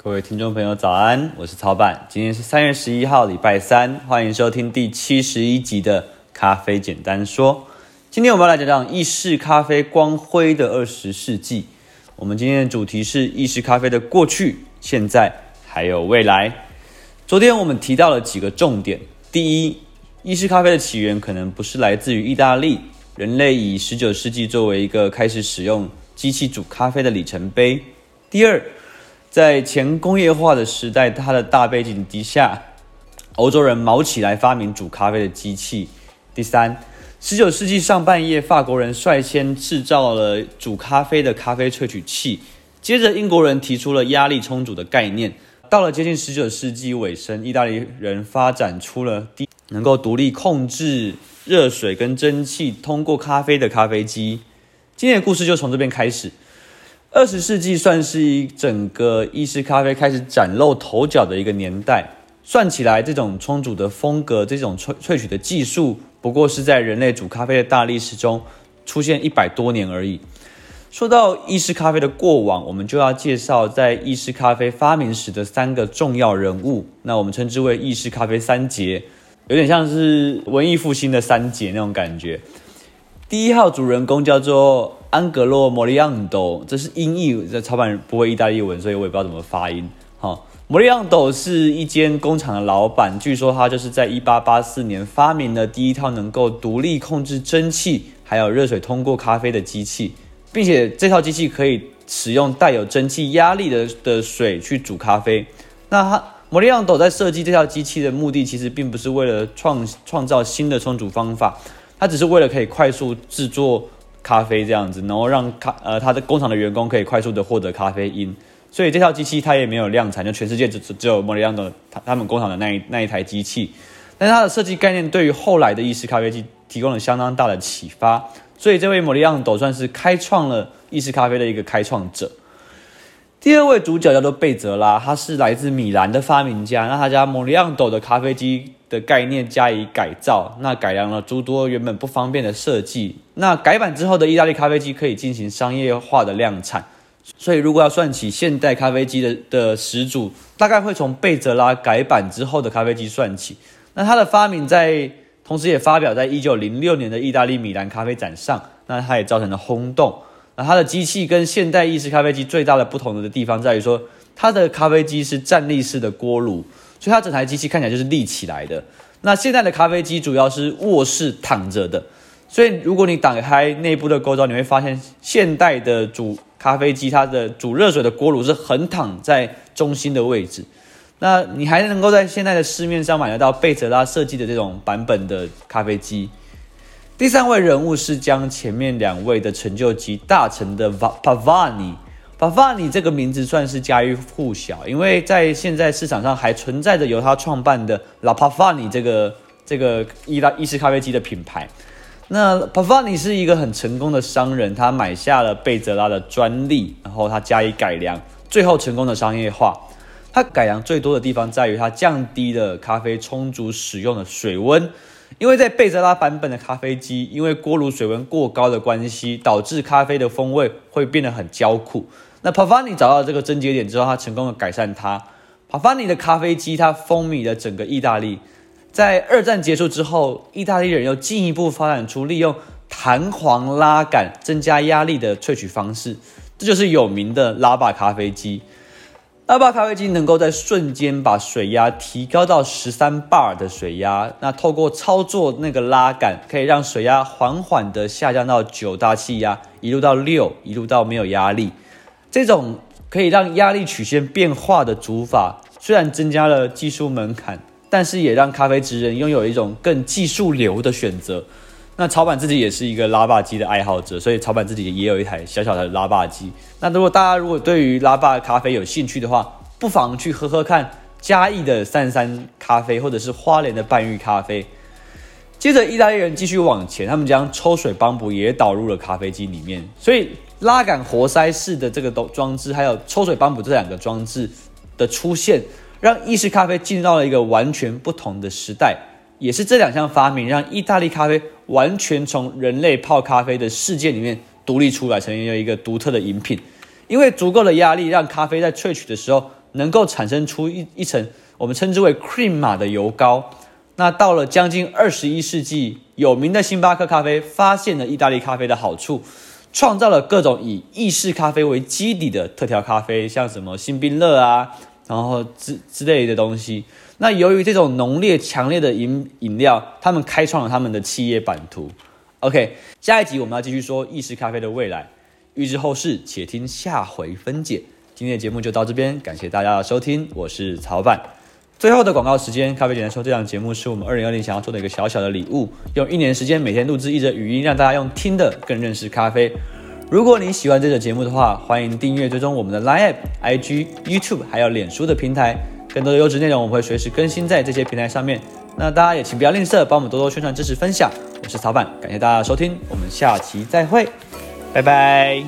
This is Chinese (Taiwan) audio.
各位聽眾朋友，早安！我是曹辦，今天是三月十一號，禮拜三，歡迎收聽第七十一集的《咖啡簡單說》。今天我們要來講講意式咖啡光輝的二十世紀。我們今天的主題是意式咖啡的過去、現在還有未來。昨天我們提到了幾個重點：第一，意式咖啡的起源可能不是來自於意大利；人類以十九世紀作為一個開始使用機器煮咖啡的里程碑。第二。在前工業化的時代，它的大背景底下，歐洲人卯起來發明煮咖啡的機器。第三，十九世紀上半葉，法國人率先制造了煮咖啡的咖啡萃取器。接着，英國人提出了壓力沖煮的概念。到了接近十九世紀尾聲，意大利人發展出了能夠獨立控制熱水跟蒸汽通過咖啡的咖啡機。今天的故事就從這邊開始。二十世紀算是一整個意式咖啡開始嶄露頭角的一個年代。算起來，這種沖煮的風格、這種萃萃取的技術，不過是在人類煮咖啡的大歷史中出現一百多年而已。說到意式咖啡的過往，我們就要介紹在意式咖啡發明時的三個重要人物，那我們稱之為意式咖啡三傑，有點像是文藝復興的三傑那種感覺。第一號主人公叫做。安格洛·莫里昂斗，這是音譯。這超版不會意大利文，所以我也不知道怎麼發音。好、哦，莫里昂斗是一間工廠的老板。據說他就是在一八八四年發明了第一套能夠獨立控制蒸汽還有熱水通過咖啡的機器，并且這套機器可以使用帶有蒸汽壓力的的水去煮咖啡。那他莫里昂斗在設計這套機器的目的，其實並不是為了創創造新的沖煮方法，他只是為了可以快速制作。咖啡這樣子，然後讓咖呃他的工廠的員工可以快速的獲得咖啡因，所以這套機器它也沒有量產，就全世界只只有莫里亞朵他他們工廠的那一那一台機器，但它的設計概念對於後來的意式咖啡機提供了相當大的啟發，所以這位莫里亞朵算是開創了意式咖啡的一個開創者。第二位主角叫做貝澤拉，他是來自米蘭的發明家，那他家莫里亞朵的咖啡機，的概念加以改造，那改良了諸多原本不方便的設計。那改版之後的意大利咖啡機可以進行商業化的量產，所以如果要算起現代咖啡機的的始祖，大概會從貝澤拉改版之後的咖啡機算起。那它的發明在，同時也發表在一九零六年的意大利米蘭咖啡展上，那它也造成了轟動。那它的機器跟現代意式咖啡機最大的不同的地方在於說，它的咖啡機是站立式的鍋爐。所以它整台機器看起來就是立起來的。那現在的咖啡機主要是臥室躺着的，所以如果你打開內部的構造，你會發現現代的煮咖啡機它的煮熱水的鍋爐是橫躺在中心的位置。那你還能夠在現在的市面上買得到貝澤拉設計的這種版本的咖啡機。第三位人物是將前面兩位的成就集大成的帕瓦尼。帕瓦尼這個名字算是家喻戶曉，因為在現在市場上還存在着由他創辦的 La Pavani 這個這個意大意式咖啡機的品牌。那帕瓦尼是一個很成功的商人，他買下了貝澤拉的專利，然後他加以改良，最後成功的商業化。他改良最多的地方在於他降低了咖啡充足使用的水溫，因為在貝澤拉版本的咖啡機，因為鍋爐水溫過高的關係，導致咖啡的風味會變得很焦苦。那帕凡尼找到這個症結點之後，他成功的改善它。帕凡尼的咖啡機它風靡了整個意大利。在二戰結束之後，意大利人又進一步發展出利用彈簧拉桿增加壓力的萃取方式，這就是有名的拉巴咖啡機。拉巴咖啡機能夠在瞬間把水壓提高到十三 bar 的水壓，那透過操作那個拉桿，可以讓水壓緩緩地下降到九大氣壓，一路到六，一路到沒有壓力。這種可以讓壓力曲線變化的煮法，雖然增加了技術門檻，但是也讓咖啡職人擁有一種更技術流的選擇。那草板自己也是一個拉霸機的愛好者，所以草板自己也有一台小小的拉霸機。那如果大家如果對於拉霸咖啡有興趣的話，不妨去喝喝看嘉義的三三咖啡或者是花蓮的半玉咖啡。接着，意大利人繼續往前，他們將抽水幫浦也導入了咖啡機裡面，所以，拉桿活塞式的這個裝置，還有抽水幫浦，這兩個裝置的出現，讓意式咖啡進入到了一個完全不同的時代。也是這兩項發明，讓意大利咖啡完全從人類泡咖啡的世界裡面獨立出來，成為一個獨特的飲品。因為足夠的壓力，讓咖啡在萃取的時候能夠產生出一一層我們稱之為 crema 的油膏。那到了將近二十一世紀，有名的星巴克咖啡發現了意大利咖啡的好處。創造了各種以意式咖啡為基底的特調咖啡，像什麼星冰樂啊，然後之之類的東西。那由於這種濃烈、強烈的飲飲料，他們開創了他們的企業版圖。OK，下一集我們要繼續說意式咖啡的未來。欲知後事，且聽下回分解。今天的節目就到這邊，感謝大家的收聽，我是曹范。最後的廣告時間，咖啡簡單說，這檔節目是我們二零二零想要做的一個小小的禮物，用一年時間每天錄制一則語音，讓大家用聽的更認識咖啡。如果你喜歡這檔節目的話，歡迎訂閱、追蹤我們的 Line、IG、YouTube，還有臉書的平台，更多的優質內容我們會隨時更新在這些平台上面。那大家也請不要吝嗇，幫我們多多宣傳、支持、分享。我是曹板，感謝大家的收聽，我們下期再會，拜拜。